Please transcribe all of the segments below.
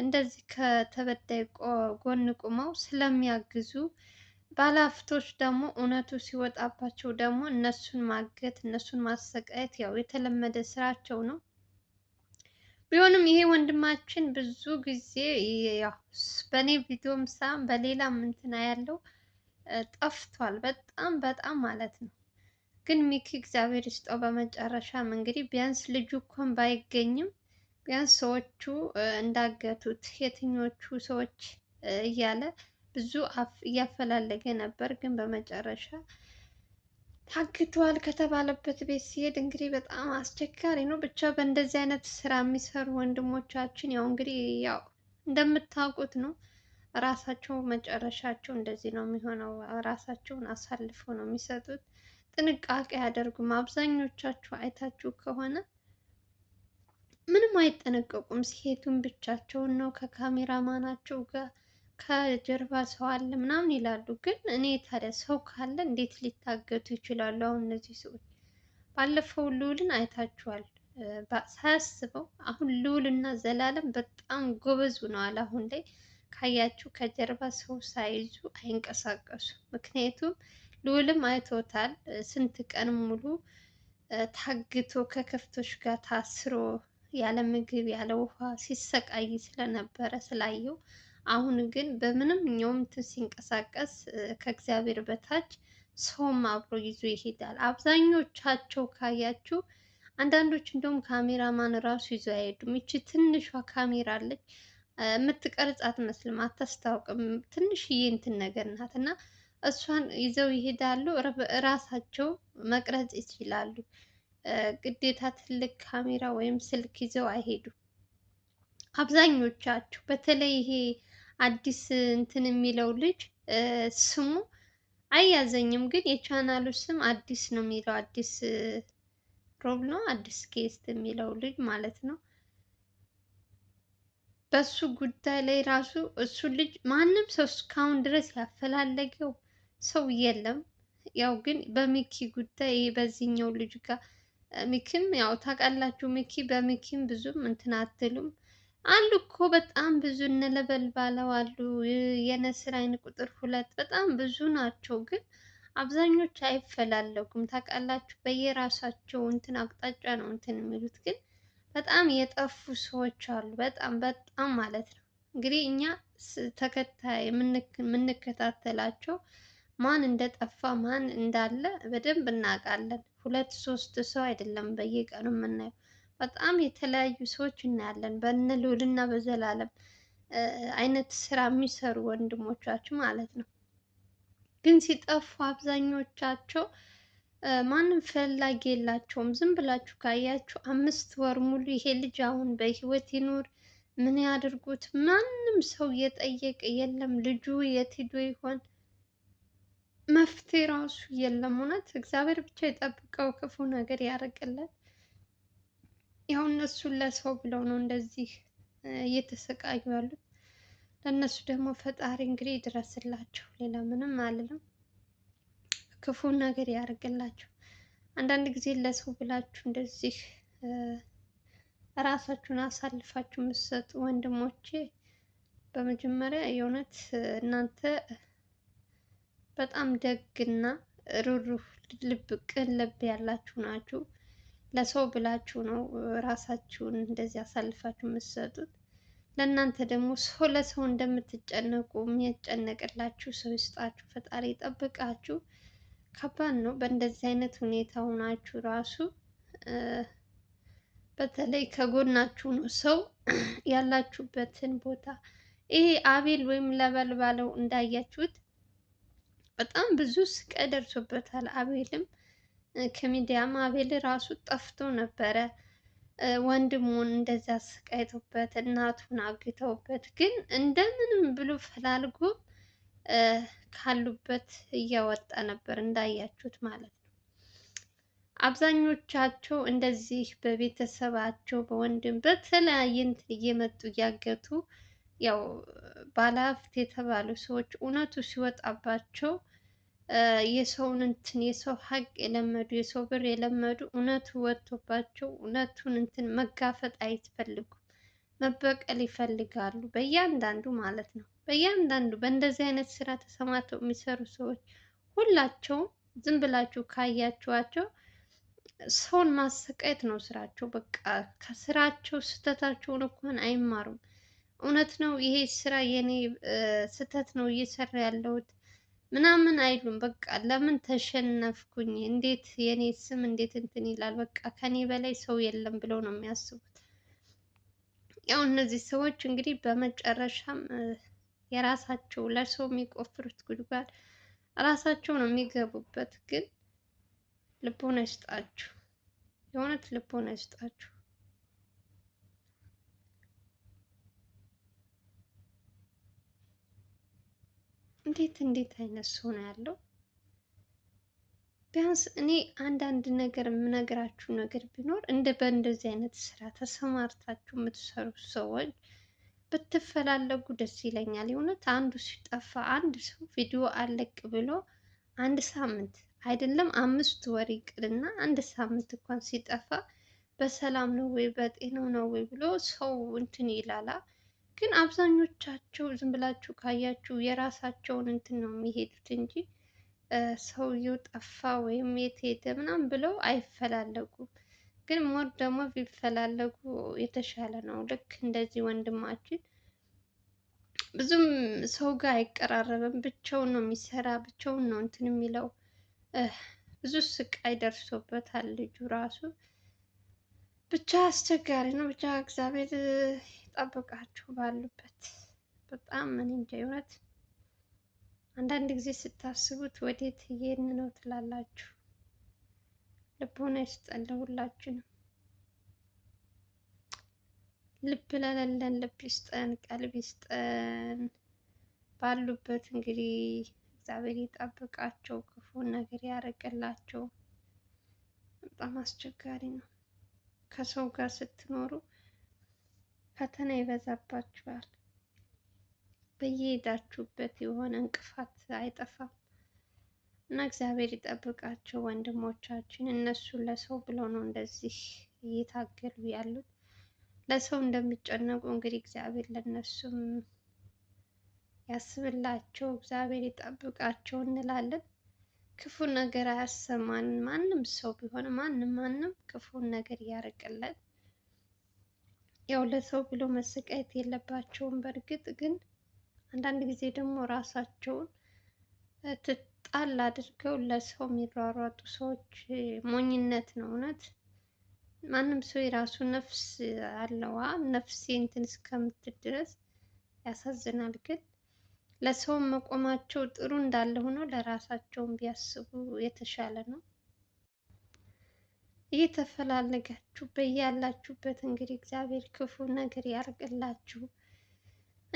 እንደዚህ ከተበዳይ ጎን ቁመው ስለሚያግዙ ባለሀብቶች ደግሞ እውነቱ ሲወጣባቸው ደግሞ እነሱን ማገት እነሱን ማሰቃየት ያው የተለመደ ስራቸው ነው። ቢሆንም ይሄ ወንድማችን ብዙ ጊዜ ያው በእኔ ቪዲዮም ሳም በሌላም እንትና ያለው ጠፍቷል። በጣም በጣም ማለት ነው። ግን ሚኪ እግዚአብሔር ይስጠው በመጨረሻም እንግዲህ ቢያንስ ልጁ እኮን ባይገኝም ቢያንስ ሰዎቹ እንዳገቱት የትኞቹ ሰዎች እያለ ብዙ እያፈላለገ ነበር። ግን በመጨረሻ ታግቷል ከተባለበት ቤት ሲሄድ እንግዲህ በጣም አስቸጋሪ ነው። ብቻ በእንደዚህ አይነት ስራ የሚሰሩ ወንድሞቻችን ያው እንግዲህ ያው እንደምታውቁት ነው ራሳቸው መጨረሻቸው እንደዚህ ነው የሚሆነው። ራሳቸውን አሳልፈው ነው የሚሰጡት። ጥንቃቄ አያደርጉም። አብዛኞቻችሁ አይታችሁ ከሆነ ምንም አይጠነቀቁም። ሲሄዱም ብቻቸውን ነው ከካሜራማናቸው ጋር ከጀርባ ሰው አለ ምናምን ይላሉ። ግን እኔ ታዲያ ሰው ካለ እንዴት ሊታገቱ ይችላሉ? አሁን እነዚህ ሰዎች ባለፈው ልዑልን አይታችኋል። ሳያስበው አሁን ልዑል እና ዘላለም በጣም ጎበዝ ሆነዋል። አሁን ላይ ካያችሁ ከጀርባ ሰው ሳይዙ አይንቀሳቀሱ። ምክንያቱም ልዑልም አይቶታል ስንት ቀን ሙሉ ታግቶ ከከፍቶች ጋር ታስሮ ያለ ምግብ ያለ ውሃ ሲሰቃይ ስለነበረ ስላየው፣ አሁን ግን በምንም ኛውም ሲንቀሳቀስ ከእግዚአብሔር በታች ሰውም አብሮ ይዞ ይሄዳል። አብዛኞቻቸው ካያችሁ አንዳንዶች እንደውም ካሜራማን ራሱ ይዞ አይሄዱም። ይቺ ትንሿ ካሜራ አለች የምትቀርጽ አትመስልም፣ አታስታውቅም። ትንሽዬ እንትን ነገር ናት እና እሷን ይዘው ይሄዳሉ። ራሳቸው መቅረጽ ይችላሉ። ግዴታ ትልቅ ካሜራ ወይም ስልክ ይዘው አይሄዱም። አብዛኞቻችሁ በተለይ ይሄ አዲስ እንትን የሚለው ልጅ ስሙ አያዘኝም፣ ግን የቻናሉ ስም አዲስ ነው የሚለው አዲስ ሮብ ነው አዲስ ጌስት የሚለው ልጅ ማለት ነው። በሱ ጉዳይ ላይ ራሱ እሱ ልጅ ማንም ሰው እስካሁን ድረስ ያፈላለገው ሰው የለም። ያው ግን በሚኪ ጉዳይ ይሄ በዚህኛው ልጅ ጋር ሚኪም ያው ታውቃላችሁ፣ ሚኪ በሚኪም ብዙም እንትን አትሉም። አሉ እኮ በጣም ብዙ እነለበል ባለው አሉ፣ የነስር አይን ቁጥር ሁለት በጣም ብዙ ናቸው። ግን አብዛኞቹ አይፈላለጉም ታውቃላችሁ። በየራሳቸው እንትን አቅጣጫ ነው እንትን የሚሉት። ግን በጣም የጠፉ ሰዎች አሉ፣ በጣም በጣም ማለት ነው። እንግዲህ እኛ ተከታይ የምንከታተላቸው ማን እንደጠፋ ማን እንዳለ በደንብ እናውቃለን። ሁለት ሶስት ሰው አይደለም በየቀኑ የምናየው፣ በጣም የተለያዩ ሰዎች እናያለን። በነ ልዑል እና በዘላለም አይነት ስራ የሚሰሩ ወንድሞቻችን ማለት ነው። ግን ሲጠፉ አብዛኞቻቸው ማንም ፈላጊ የላቸውም። ዝም ብላችሁ ካያችሁ አምስት ወር ሙሉ ይሄ ልጅ አሁን በህይወት ይኑር ምን ያድርጉት፣ ማንም ሰው እየጠየቀ የለም። ልጁ የት ሄዶ ይሆን መፍትሄ ራሱ የለም። እውነት እግዚአብሔር ብቻ የጠብቀው፣ ክፉ ነገር ያደርግለት። ያው እነሱን ለሰው ብለው ነው እንደዚህ እየተሰቃዩ ያሉት። ለእነሱ ደግሞ ፈጣሪ እንግዲህ ይድረስላቸው። ሌላ ምንም አልልም። ክፉ ነገር ያደርግላቸው። አንዳንድ ጊዜ ለሰው ብላችሁ እንደዚህ ራሳችሁን አሳልፋችሁ የምትሰጡ ወንድሞቼ፣ በመጀመሪያ የእውነት እናንተ በጣም ደግና ሩሩህ ልብ ቅን ልብ ያላችሁ ናችሁ። ለሰው ብላችሁ ነው ራሳችሁን እንደዚህ አሳልፋችሁ የምትሰጡት። ለእናንተ ደግሞ ሰው ለሰው እንደምትጨነቁ የሚያጨነቅላችሁ ሰው ይስጣችሁ፣ ፈጣሪ ይጠብቃችሁ። ከባድ ነው በእንደዚህ አይነት ሁኔታ ሆናችሁ ራሱ በተለይ ከጎናችሁ ነው ሰው ያላችሁበትን ቦታ ይሄ አቤል ወይም ለበልባለው እንዳያችሁት በጣም ብዙ ስቃይ ደርሶበታል። አቤልም ከሚዲያም አቤል ራሱ ጠፍቶ ነበረ። ወንድሙን እንደዚያ አሰቃይተውበት እናቱን አግተውበት ግን እንደምንም ብሎ ፈላልጎ ካሉበት እያወጣ ነበር እንዳያችሁት ማለት ነው። አብዛኞቻቸው እንደዚህ በቤተሰባቸው በወንድም በተለያየ እንትን እየመጡ እያገቱ ያው ባለሀብት የተባሉ ሰዎች እውነቱ ሲወጣባቸው የሰውን እንትን የሰው ሀቅ የለመዱ የሰው ብር የለመዱ እውነቱ ወጥቶባቸው እውነቱን እንትን መጋፈጥ አይፈልጉም። መበቀል ይፈልጋሉ፣ በእያንዳንዱ ማለት ነው። በእያንዳንዱ በእንደዚህ አይነት ስራ ተሰማርተው የሚሰሩ ሰዎች ሁላቸውም ዝም ብላችሁ ካያችኋቸው ሰውን ማሰቃየት ነው ስራቸው። በቃ ከስራቸው ስህተታቸውን እኮን አይማሩም። እውነት ነው ይሄ ስራ የኔ ስህተት ነው እየሰራ ያለሁት ምናምን አይሉም። በቃ ለምን ተሸነፍኩኝ፣ እንዴት የኔ ስም እንዴት እንትን ይላል፣ በቃ ከኔ በላይ ሰው የለም ብለው ነው የሚያስቡት። ያው እነዚህ ሰዎች እንግዲህ በመጨረሻም የራሳቸው ለሰው የሚቆፍሩት ጉድጓድ ራሳቸው ነው የሚገቡበት። ግን ልቦና ይስጣችሁ፣ የእውነት ልቦና ይስጣችሁ። እንዴት እንዴት አይነት ሰው ነው ያለው? ቢያንስ እኔ አንዳንድ ነገር የምነግራችሁ ነገር ቢኖር እንደ በእንደዚህ አይነት ስራ ተሰማርታችሁ የምትሰሩ ሰዎች ብትፈላለጉ ደስ ይለኛል። የእውነት አንዱ ሲጠፋ አንድ ሰው ቪዲዮ አለቅ ብሎ አንድ ሳምንት አይደለም አምስት ወር ይቅርና አንድ ሳምንት እንኳን ሲጠፋ በሰላም ነው ወይ በጤናው ነው ወይ ብሎ ሰው እንትን ይላላ። ግን አብዛኞቻቸው ዝም ብላችሁ ካያችሁ የራሳቸውን እንትን ነው የሚሄዱት እንጂ ሰውየው ጠፋ ወይም የት ሄደ ምናምን ብለው አይፈላለጉም። ግን ሞር ደግሞ ቢፈላለጉ የተሻለ ነው። ልክ እንደዚህ ወንድማችን ብዙም ሰው ጋር አይቀራረብም። ብቻውን ነው የሚሰራ፣ ብቻውን ነው እንትን የሚለው። ብዙ ስቃይ ደርሶበታል ልጁ ራሱ። ብቻ አስቸጋሪ ነው። ብቻ እግዚአብሔር ይጠብቃችሁ ባሉበት። በጣም ምን እንጃ የእውነት አንዳንድ ጊዜ ስታስቡት ወዴት እየሄድን ነው ትላላችሁ። ልቦና ይስጠን ለሁላችንም። ልብ ለሌለን ልብ ይስጠን፣ ቀልብ ይስጠን። ባሉበት እንግዲህ እግዚአብሔር ይጠብቃቸው፣ ክፉን ነገር ያርቅላቸው። በጣም አስቸጋሪ ነው። ከሰው ጋር ስትኖሩ ፈተና ይበዛባችኋል። በየሄዳችሁበት የሆነ እንቅፋት አይጠፋም እና እግዚአብሔር ይጠብቃቸው ወንድሞቻችን። እነሱ ለሰው ብለው ነው እንደዚህ እየታገሉ ያሉት። ለሰው እንደሚጨነቁ እንግዲህ እግዚአብሔር ለእነሱም ያስብላቸው፣ እግዚአብሔር ይጠብቃቸው እንላለን። ክፉ ነገር አያሰማን። ማንም ሰው ቢሆን ማንም ማንም ክፉን ነገር ያርቅልን። ያው ለሰው ብሎ መሰቃየት የለባቸውም። በእርግጥ ግን አንዳንድ ጊዜ ደግሞ ራሳቸውን ትጣል አድርገው ለሰው የሚሯሯጡ ሰዎች ሞኝነት ነው። እውነት ማንም ሰው የራሱ ነፍስ አለዋ። ነፍሴ እንትን እስከምትል ድረስ ያሳዝናል ግን ለሰውም መቆማቸው ጥሩ እንዳለ ሆኖ ለራሳቸውም ቢያስቡ የተሻለ ነው። እየተፈላለጋችሁ በያላችሁበት እንግዲህ እግዚአብሔር ክፉ ነገር ያርቅላችሁ።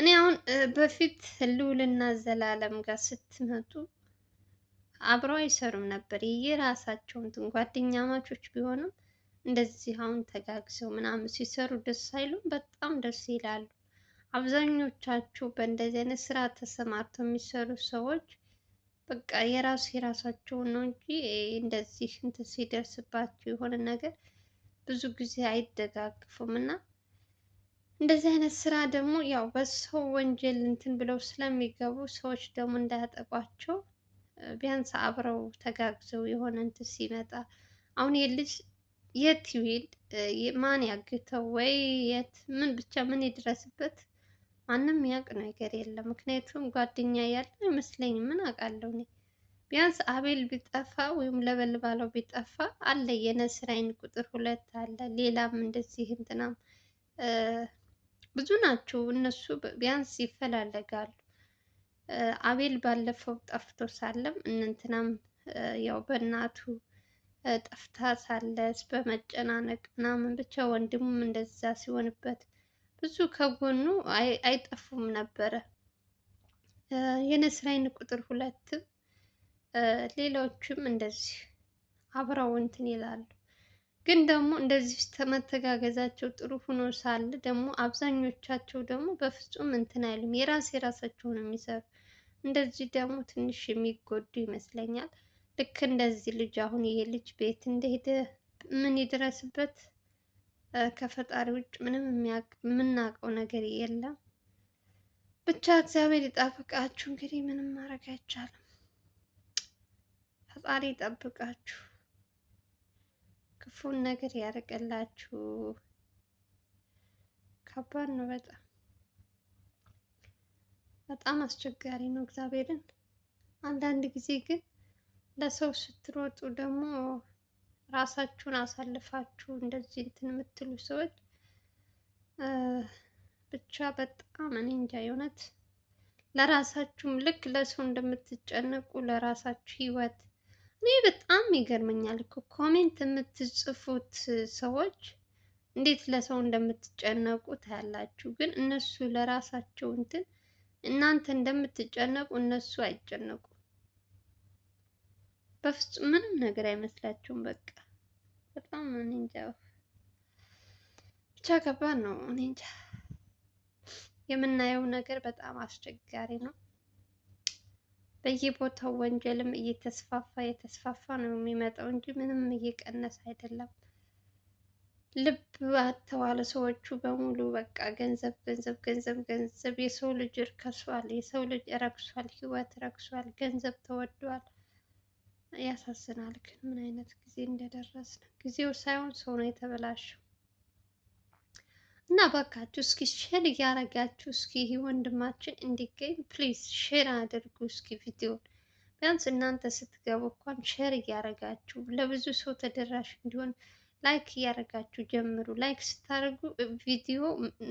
እኔ አሁን በፊት ልዑልና ዘላለም ጋር ስትመጡ አብረው አይሰሩም ነበር። የራሳቸውን ጓደኛ ማቾች ቢሆኑም እንደዚህ አሁን ተጋግዘው ምናምን ሲሰሩ ደስ አይሉም። በጣም ደስ ይላሉ። አብዛኞቻችሁ በእንደዚህ አይነት ስራ ተሰማርተው የሚሰሩ ሰዎች በቃ የራሱ የራሳቸውን ነው እንጂ እንደዚህ እንትን ሲደርስባቸው የሆነ ነገር ብዙ ጊዜ አይደጋግፉም እና እንደዚህ አይነት ስራ ደግሞ ያው በሰው ወንጀል እንትን ብለው ስለሚገቡ ሰዎች ደግሞ እንዳያጠቋቸው ቢያንስ አብረው ተጋግዘው የሆነ እንትን ሲመጣ አሁን የልጅ የት ይሄድ ማን ያግተው ወይ የት ምን ብቻ ምን ይድረስበት ማንም ያውቅ ነገር የለም። ምክንያቱም ጓደኛ ያለ አይመስለኝም። ምን አውቃለሁ እኔ ቢያንስ አቤል ቢጠፋ ወይም ለበልባለው ቢጠፋ አለ የነስራይን ቁጥር ሁለት አለ ሌላም እንደዚህ እንትናም ብዙ ናቸው እነሱ ቢያንስ ይፈላለጋሉ። አቤል ባለፈው ጠፍቶ ሳለም እንትናም ያው በእናቱ ጠፍታ ሳለስ በመጨናነቅ ምናምን ብቻ ወንድሙም እንደዛ ሲሆንበት ብዙ ከጎኑ አይጠፉም ነበረ። የነስራይን ቁጥር ሁለትም ሌሎችም እንደዚህ አብረው እንትን ይላሉ። ግን ደግሞ እንደዚህ መተጋገዛቸው ጥሩ ሆኖ ሳለ ደግሞ አብዛኞቻቸው ደግሞ በፍጹም እንትን አይሉም። የራስ የራሳቸው ነው የሚሰሩ። እንደዚህ ደግሞ ትንሽ የሚጎዱ ይመስለኛል። ልክ እንደዚህ ልጅ አሁን ይሄ ልጅ ቤት እንደሄደ ምን ይድረስበት ከፈጣሪ ውጭ ምንም የምናውቀው ነገር የለም። ብቻ እግዚአብሔር ይጠብቃችሁ። እንግዲህ ምንም ማድረግ አይቻልም። ፈጣሪ ይጠብቃችሁ፣ ክፉን ነገር ያርቅላችሁ። ከባድ ነው በጣም በጣም አስቸጋሪ ነው። እግዚአብሔርን አንዳንድ ጊዜ ግን ለሰው ስትሮጡ ደግሞ ራሳችሁን አሳልፋችሁ እንደዚህ እንትን የምትሉ ሰዎች ብቻ በጣም እኔ እንጃ የእውነት ለራሳችሁም ልክ ለሰው እንደምትጨነቁ ለራሳችሁ ህይወት እኔ በጣም ይገርመኛል እኮ ኮሜንት የምትጽፉት ሰዎች እንዴት ለሰው እንደምትጨነቁ ታያላችሁ። ግን እነሱ ለራሳቸው እንትን እናንተ እንደምትጨነቁ እነሱ አይጨነቁም። በፍጹም ምንም ነገር አይመስላችሁም። በቃ በጣም እኔ እንጃ ብቻ ከባድ ነው። እኔ እንጃ የምናየው ነገር በጣም አስቸጋሪ ነው። በየቦታው ወንጀልም እየተስፋፋ እየተስፋፋ ነው የሚመጣው እንጂ ምንም እየቀነሰ አይደለም። ልብ አተዋለ ሰዎቹ በሙሉ በቃ ገንዘብ ገንዘብ ገንዘብ ገንዘብ። የሰው ልጅ እርከሷል፣ የሰው ልጅ ረክሷል፣ ህይወት ረክሷል፣ ገንዘብ ተወዷል። ያሳዝናል። ግን ምን አይነት ጊዜ እንደደረስን ጊዜው ሳይሆን ሰው ነው የተበላሸው። እና ባካችሁ እስኪ ሼር እያረጋችሁ እስኪ ይህ ወንድማችን እንዲገኝ ፕሊዝ ሼር አድርጉ። እስኪ ቪዲዮን ቢያንስ እናንተ ስትገቡ እንኳን ሼር እያረጋችሁ ለብዙ ሰው ተደራሽ እንዲሆን ላይክ እያደረጋችሁ ጀምሩ። ላይክ ስታደርጉ ቪዲዮ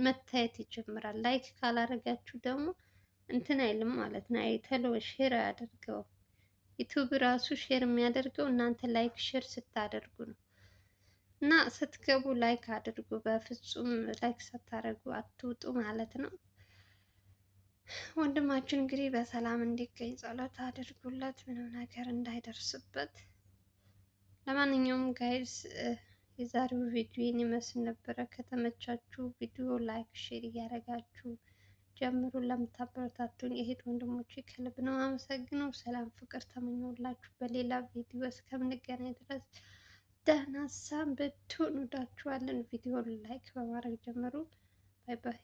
መታየት ይጀምራል። ላይክ ካላደረጋችሁ ደግሞ እንትን አይልም ማለት ነው። ቶሎ ሼር አያደርገውም። ዩቲዩብ ራሱ ሼር የሚያደርገው እናንተ ላይክ ሼር ስታደርጉ ነው። እና ስትገቡ ላይክ አድርጉ። በፍጹም ላይክ ሳታደርጉ አትውጡ ማለት ነው። ወንድማችን እንግዲህ በሰላም እንዲገኝ ጸሎት አድርጉለት፣ ምንም ነገር እንዳይደርስበት። ለማንኛውም ጋይዝ የዛሬው ቪዲዮ ይመስል ነበረ። ከተመቻችሁ ቪዲዮ ላይክ ሼር እያደረጋችሁ ጀምሩ። ለምታበረታቱን የሄት ወንድሞቼ ከልብ ነው አመሰግነው። ሰላም ፍቅር ተመኘውላችሁ በሌላ ቪዲዮ እስከምንገናኝ ድረስ ደህና ሰንብቱ። እንወዳችኋለን። ቪዲዮ ላይክ በማድረግ ጀምሩ። ባይ ባይ።